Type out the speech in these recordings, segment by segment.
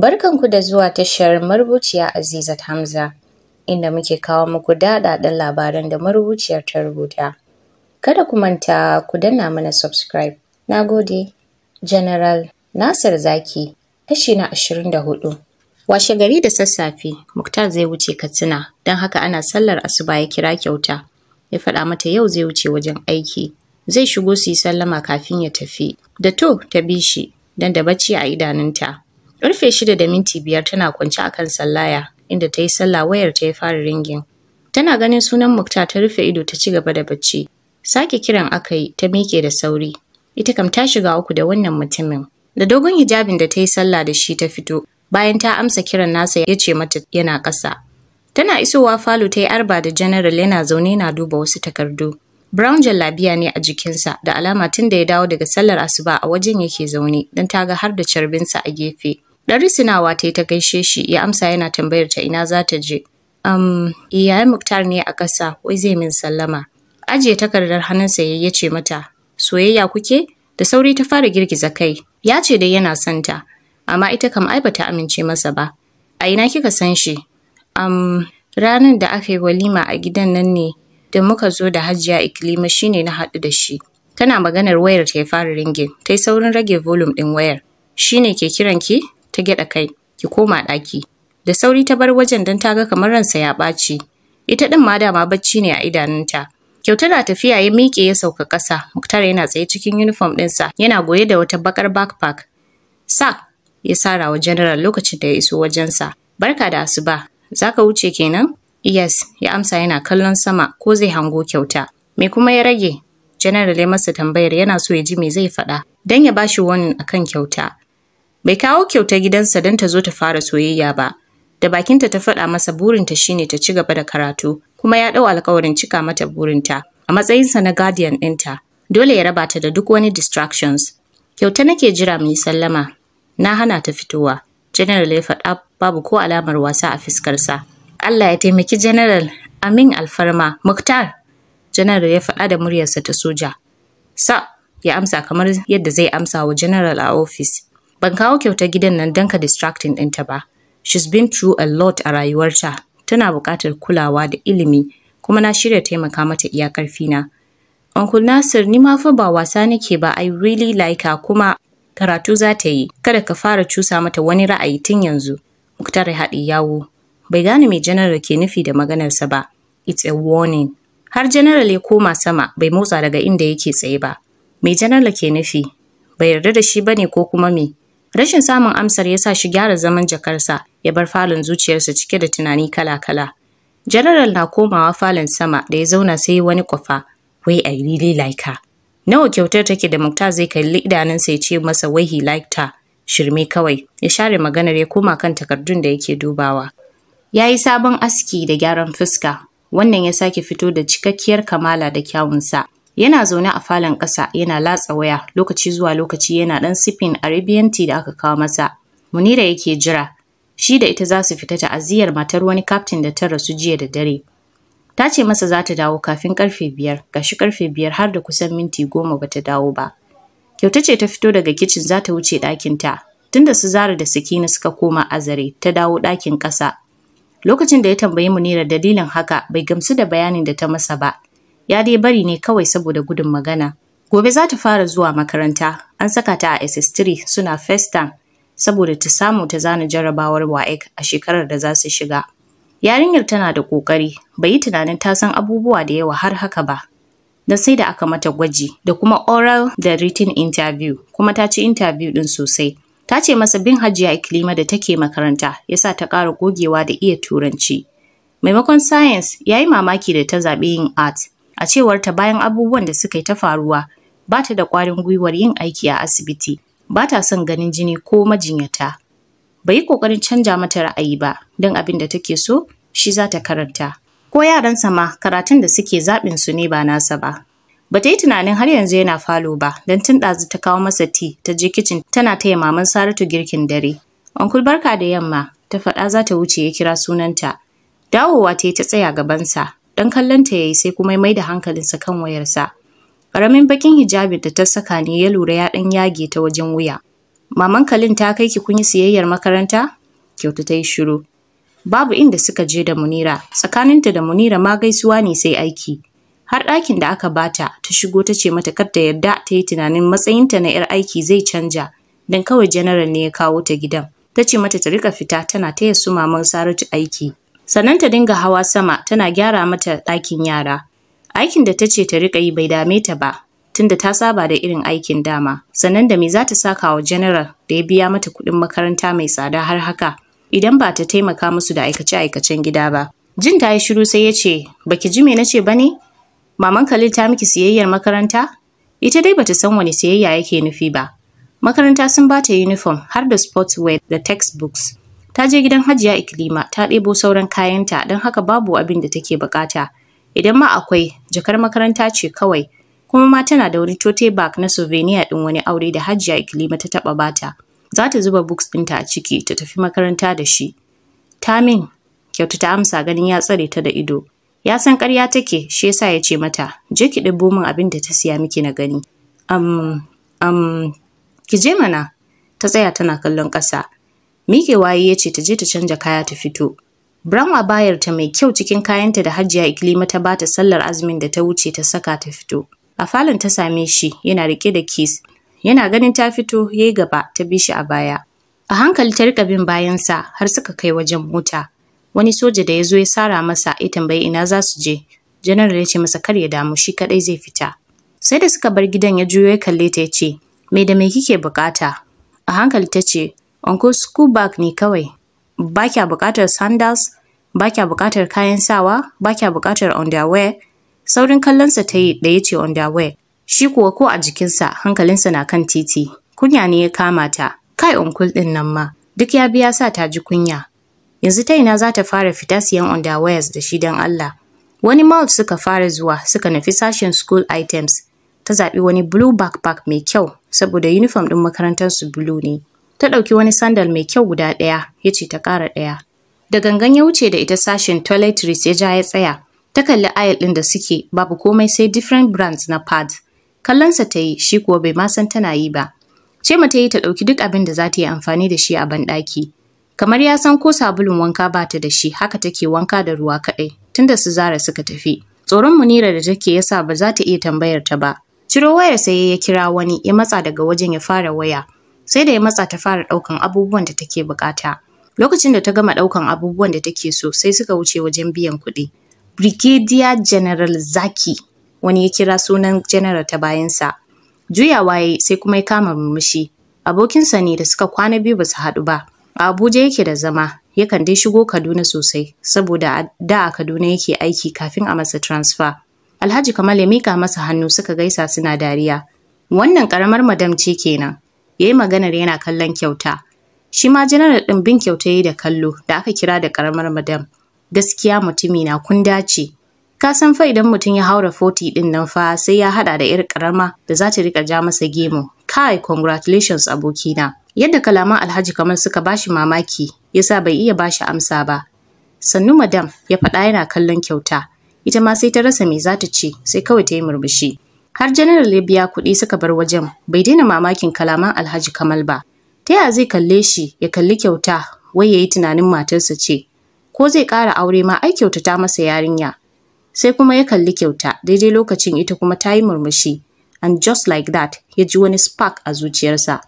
Barkanku da zuwa tashar marubuciya Azizat Hamza, inda muke kawo muku daɗaɗɗen labaran da marubuciyar ta rubuta. Kada ku manta ku danna mana subscribe. Na gode, General Nasir Zaki, kashi na ashirin da hudu. Washe gari da sassafe, Muktar zai wuce Katsina, don haka ana sallar asuba ya kira kyauta. Ya faɗa mata yau zai wuce wajen aiki. Zai shigo su yi sallama kafin ya tafi. Da to ta bi shi, don da bacci a idanunta. Karfe shida da minti biyar tana kwance a kan sallaya inda ta yi sallah wayar ta ya fara ringin. Tana ganin sunan Mukta ta rufe ido ta ci gaba da bacci. Sake kiran aka yi ta miƙe da sauri. Ita kam ta shiga uku da wannan mutumin. Da dogon hijabin da ta yi sallah da shi ta fito. Bayan ta amsa kiran nasa ya ce mata yana ƙasa. Tana isowa falo ta yi arba da janaral yana zaune na duba wasu takardu. Brown jallabiya ne a jikinsa da alama tun da ya dawo daga sallar asuba a wajen yake zaune don ta ga har da carbinsa a gefe. Ɗan risinawa ta yi ta gaishe shi ya amsa yana tambayar ta ina za ta je. Um, yayan Muktar ne a ƙasa, wai zai min sallama. Ajiye takardar hannunsa ya ce mata, soyayya kuke? Da sauri ta fara girgiza kai. Ya ce dai yana son ta, amma ita kam ai bata amince masa ba. A ina kika san shi? Um, ranar da aka yi walima a gidan nan ne da muka zo da Hajiya Ikilima shine na haɗu da shi. Tana maganar wayar ta ya fara ringin, ta yi saurin rage volume ɗin wayar. Shi ne ke kiran ki? ta gyaɗa kai, ki koma ɗaki. Da sauri ta bar wajen don ta ga kamar ransa ya ɓaci. Ita ɗin ma dama bacci ne a idanunta. Kyauta na tafiya ya miƙe ya sauka ƙasa, Muktar yana tsaye cikin uniform ɗinsa, yana goye da wata bakar backpack. sa ya sara wa general lokacin da ya iso wajensa. Barka da asuba, za ka wuce kenan? Yes, ya amsa yana kallon sama ko zai hango kyauta. Me kuma ya rage? General ya masa tambayar yana so ya ji me zai faɗa. Dan ya bashi wani akan kyauta. Bai kawo kyauta gidansa don ta zo ta fara soyayya ba. Da bakinta ta faɗa masa burinta shine ta ci gaba da karatu, kuma ya ɗau alkawarin cika mata burinta. A matsayinsa na guardian ɗinta, dole ya raba ta da duk wani distractions. Kyauta nake jira mu yi sallama. Na hana ta fitowa. General ya faɗa babu ko alamar wasa a fiskarsa. Allah ya taimaki General Amin Alfarma Muktar. General ya faɗa da muryarsa ta soja. Sa ya amsa kamar yadda zai amsa wa General a ofis. Ban kawo kyautar gidan nan don ka distracting ɗinta ba. She's been through a lot a rayuwarta. Tana buƙatar kulawa da ilimi kuma na shirya taimaka mata iya ƙarfina. Uncle Nasir ni ma fa ba wasa nake ba I really like her kuma karatu za ta yi. Kada ka fara cusa mata wani ra'ayi tun yanzu. Muktar haɗi yawo. Bai gane mai General ke nufi da maganarsa ba. It's a warning. Har janaral ya koma sama bai motsa daga inda yake tsaye ba. mai General ke nufi? Bai yarda da shi bane ko kuma me? Rashin samun amsar ya sa shi gyara zaman jakarsa ya bar falon zuciyarsa cike da tunani kala-kala. General na komawa falon sama da ya zauna sai wani kwafa. Wai I really like her. Nawa kyautar take da mukta zai kalli idanunsa ya ce masa wai he liked her. Shirme kawai. Ya share maganar ya koma kan takardun da yake dubawa. Ya yi sabon aski da gyaran fuska. Wannan ya sake fito da cikakkiyar kamala da kyawunsa. Yana zaune a falon ƙasa yana latsa waya lokaci zuwa lokaci yana ɗan sifin Arabian tea da aka kawo masa. Munira yake jira. Shi da ita za su fita ta'aziyar matar wani kaftin da ta rasu jiya da dare. Ta ce masa za ta dawo kafin karfe biyar, gashi karfe biyar har da kusan minti goma ba ta dawo ba. Kyauta ce ta fito daga kicin za ta wuce ɗakinta, tunda su zara da Sakina suka koma azare ta dawo ɗakin ƙasa. Lokacin da ya tambayi Munira dalilin haka bai gamsu da bayanin da ta masa ba, ya dai bari ne kawai saboda gudun magana. Gobe za ta fara zuwa makaranta, an saka ta a SS3 suna first term saboda ta samu ta zana jarrabawar WAEC a shekarar da za su shiga. Yarinyar tana da ƙoƙari, bai yi tunanin ta san abubuwa da yawa har haka ba. Da sai da aka mata gwaji da kuma oral da written interview, kuma ta ci interview ɗin sosai. Ta ce masa bin hajiya Ikilima da take makaranta, ya sa ta ƙara gogewa da iya turanci. Maimakon science, ya yi mamaki da ta zaɓi yin art, A cewarta bayan abubuwan da suka yi ta faruwa, ba ta da ƙwarin gwiwar yin aiki a asibiti, ba ta son ganin jini ko majinyata. Bai yi ƙoƙarin canja mata ra'ayi ba, don abin da take so shi za ta karanta. Ko yaran sama karatun da suke zaɓin su ne ba nasa ba. Ba ta yi tunanin har yanzu yana falo ba, don tun ɗazu ta kawo masa ti ta je kicin tana taya maman Saratu girkin dare. Onkul barka da yamma, ta faɗa za ta wuce ya kira sunanta. Dawowa ta yi ta tsaya gabansa, dan kallon ta yayi sai kuma mai da hankalinsa kan wayarsa ƙaramin bakin hijabin da ta saka ne ya lura ya ɗan yage ta wajen wuya maman kalin ta kai ki kun yi siyayyar makaranta kyautu ta yi shiru babu inda suka je da munira tsakaninta da munira ma gaisuwa ne sai aiki har ɗakin da aka bata ta shigo ta ce mata kar ta yarda ta yi tunanin matsayinta na 'yar aiki zai canja don kawai janaral ne ya kawo ta gidan. Ta ce mata ta rika fita tana taya su maman Saratu aiki. sannan ta dinga hawa sama tana gyara mata ɗakin yara. Aikin da ta ce ta riƙa yi bai dame ta ba, tunda ta saba da irin aikin dama, sannan da me za ta saka wa general da ya biya mata kuɗin makaranta mai tsada har haka, idan ba ta taimaka musu da aikace-aikacen gida ba. Jin ta yi shiru sai ya ce, baki ji me na ce ba ne? Maman Khalil ta miki siyayyar makaranta? Ita dai bata san wani siyayya yake nufi ba. Makaranta sun bata uniform har da sportswear da textbooks. Ta je gidan Hajiya Iklima ta ɗebo sauran kayanta don haka babu abin da take buƙata. Idan ma akwai, jakar makaranta ce kawai. Kuma ma tana da wani tote bag na souvenir ɗin wani aure da Hajiya Iklima ta taɓa bata. Za ta zuba books ɗinta a ciki ta tafi makaranta da shi. Tamin, kyautu ta amsa ganin ya tsare ta da ido. Ya san ƙarya take, shi yasa ya ce mata, "Je ki ɗebo min abin da ta siya miki na gani." Um, um, ki je mana. Ta tsaya tana kallon ƙasa. Mike waye ya ce ta je ta canja kaya ta fito. Branwa bayar ta mai kyau cikin kayanta da Hajiya Ikilima ta bata sallar azumin da ta wuce ta saka ta fito. A falon ta same shi yana rike da kis. Yana ganin ta fito yayi gaba ta bi shi a baya. A hankali ta rika bin bayansa har suka kai wajen mota. Wani soja da ya zo ya sara masa ya tambayi ina za su je. Janar ya ce masa kar ya damu shi kaɗai zai fita. Sai da suka bar gidan ya juyo ya kalle ta ya ce, Mai da mai kike bukata?" A hankali ta ce, school bag ne kawai. Ba kya buƙatar sandals, ba kya buƙatar kayan sawa, ba kya buƙatar underwear. Saurin kallonsa ta yi da ya ce underwear. Shi kuwa ko a jikinsa hankalinsa na kan titi. Kunya ne ya kama ta. Kai onkul ɗin nan ma. Duk ya biya sa ta ji kunya. Yanzu ta ina za ta fara fita siyan underwears da shi don Allah. Wani mall suka fara zuwa suka nufi sashen school items. Ta zaɓi wani blue backpack mai kyau saboda uniform ɗin makarantarsu blue ne. Ta ɗauki wani sandal mai kyau guda ɗaya, ya ce ta ƙara ɗaya. Da gangan ya wuce da ita sashen toiletries ya ja ya tsaya. Ta kalli ayal ɗin da suke, babu komai sai different brands na pad. Kallonsa ta yi, shi kuwa bai ma san tana yi ba. Ce ma ta yi ta ɗauki duk abin da za ta yi amfani da shi a banɗaki. Kamar ya san ko sabulun wanka ba ta da shi, haka take wanka da ruwa kaɗai, tunda su zara suka tafi. Tsoron Munira da take yasa ba za ta iya tambayar ta ba. Ciro wayar sai ya kira wani ya matsa daga wajen ya fara waya. sai da ya matsa ta fara ɗaukan abubuwan da take buƙata, Lokacin da ta gama ɗaukan abubuwan da take so sai suka wuce wajen biyan kuɗi. Brigadier General Zaki wani ya kira sunan General ta bayansa. Juyawa ya sai kuma ya kama murmushi. Abokinsa ne da suka kwana biyu ba su haɗu ba. A Abuja yake da zama, yakan dai shigo Kaduna sosai, saboda da a Kaduna yake aiki kafin a masa transfer. Alhaji Kamal ya mika masa hannu suka gaisa suna dariya. Wannan ƙaramar madam ce kenan. ya yi maganar yana kallon kyauta. Shi ma janar ɗin bin kyauta ya yi da kallo da aka kira da ƙaramar madam. Gaskiya mutumi na kun dace. Ka san fa idan mutum ya haura 40 ɗin nan fa sai ya haɗa da 'yar ƙarama da za ta riƙa ja masa gemu. Kai congratulations abokina. Yadda kalaman Alhaji kamar suka bashi mamaki ya sa bai iya bashi amsa ba. Sannu madam ya faɗa yana kallon kyauta. Ita ma sai ta rasa me za ta ce sai kawai ta yi murmushi. har janaral ya biya kuɗi suka bar wajen bai daina mamakin kalaman alhaji kamal ba ta yaya zai kalle shi ya kalli kyauta wai ya yi tunanin matarsa ce ko zai ƙara aure ma ai kyauta ta masa yarinya sai kuma ya kalli kyauta daidai lokacin ita kuma ta yi murmushi and just like that ya ji wani spark a zuciyarsa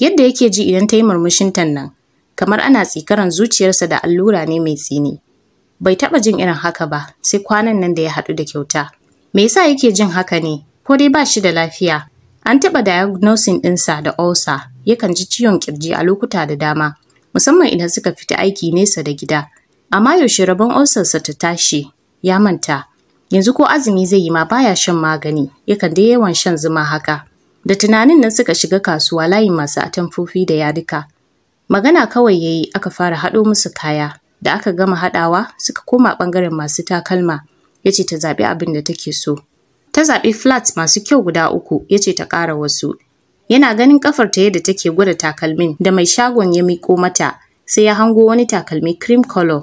yadda yake ji idan ta yi murmushin tan nan kamar ana tsikaran zuciyarsa da allura ne mai tsini bai taɓa jin irin haka ba sai kwanan nan da ya haɗu da kyauta me yasa yake jin haka ne ko dai ba shi da lafiya. An taɓa diagnosing ɗinsa da ulcer, yakan ji ciwon kirji a lokuta da dama, musamman idan suka fita aiki nesa da gida. Amma yaushe rabon ulcersa ta tashi, ya manta. Yanzu ko azumi zai yi ma baya shan magani, yakan dai yawan shan zuma haka. Da tunanin nan suka shiga kasuwa layin masu atamfofi da yarika. Magana kawai ya yi aka fara haɗo musu kaya, da aka gama haɗawa suka koma ɓangaren masu takalma, ya ce ta zaɓi abin da take so. ta zaɓi flats masu kyau guda uku ya ce ta ƙara wasu. Yana ganin ƙafar ta yadda take gwada takalmin da mai shagon ya miƙo mata sai ya hango wani takalmi cream color.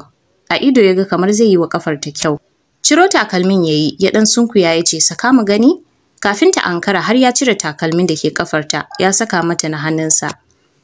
A ido ya ga kamar zai yi wa ƙafar ta kyau. Ciro takalmin ya yi ya ɗan sunkuya ya ce saka mu gani? Kafin ta ankara har ya cire takalmin da ke ƙafarta, ya saka mata na hannunsa.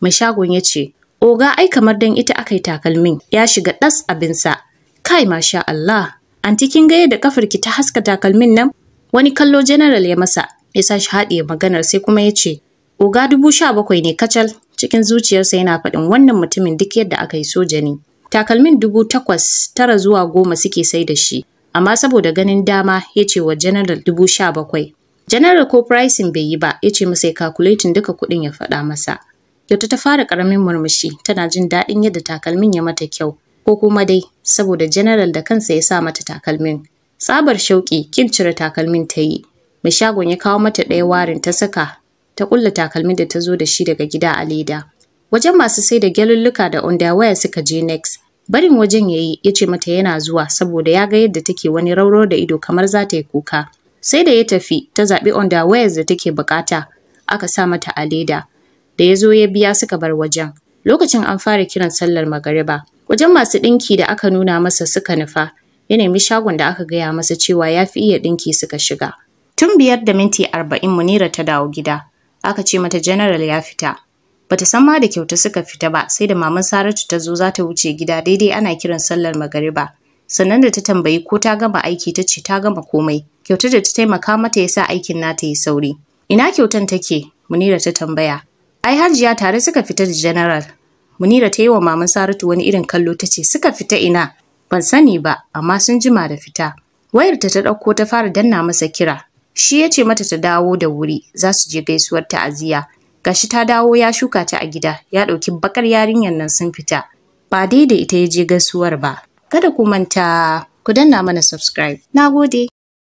Mai shagon ya ce oga ai kamar dan ita aka yi takalmin ya shiga ɗas abinsa. Kai masha Allah, anti kin ga yadda kafarki ta haska takalmin nan Wani kallo general ya masa, ya sa shi haɗiye maganar sai kuma ya ce, Oga dubu sha bakwai ne kacal cikin zuciyarsa yana faɗin wannan mutumin duk yadda aka yi soja ne. Takalmin dubu takwas tara zuwa goma suke sai da shi, amma saboda ganin dama ya ce wa general dubu sha bakwai. General ko pricing bai yi ba, ya ce masa ya calculating duka kuɗin ya faɗa masa. yadda ta fara ƙaramin murmushi, tana jin daɗin yadda takalmin ya mata kyau, ko kuma dai saboda general da kansa ya sa mata takalmin. Tsabar shauƙi kin cire takalmin ta yi. Mai shagon ya kawo mata ɗaya warin ta saka ta ƙulla takalmin da ta zo da shi daga gida a leda. Wajen masu sai da gyalulluka da underwear suka je nex, Barin wajen ya yi ya ce mata yana zuwa saboda ya ga yadda take wani rauro da ido kamar za ta yi kuka. Sai da ya tafi ta zaɓi underwears da take buƙata aka sa mata a leda. Da ya zo ya biya suka bar wajen. Lokacin an fara kiran sallar magariba. Wajen masu ɗinki da aka nuna masa suka nufa. ya nemi shagon da aka gaya masa cewa ya fi iya ɗinki suka shiga. Tun biyar da minti arba'in Munira ta dawo gida, aka ce mata General ya fita. Bata san ma da kyauta suka fita ba sai da maman Saratu ta zo za ta wuce gida daidai ana kiran sallar magariba. Sannan da ta tambayi ko ta gama aiki ta ce ta gama komai. Kyauta da ta taimaka mata ya sa aikin nata yi sauri. Ina kyautan take? Munira ta tambaya. Ai Hajiya tare suka fita da General. Munira ta yi wa maman Saratu wani irin kallo ta ce suka fita ina? Ban sani ba, amma sun jima da fita. wayar ta ta ɗauko ta fara danna masa kira. Shi ya ce mata ta dawo da wuri, za su je gaisuwar ta'aziyya. Gashi ta dawo ya shuka ta a gida, ya ɗauki bakar yarinyar nan sun fita. Ba dai da ita ya je gaisuwar ba. Kada ku manta ku danna mana subscribe. Na gode.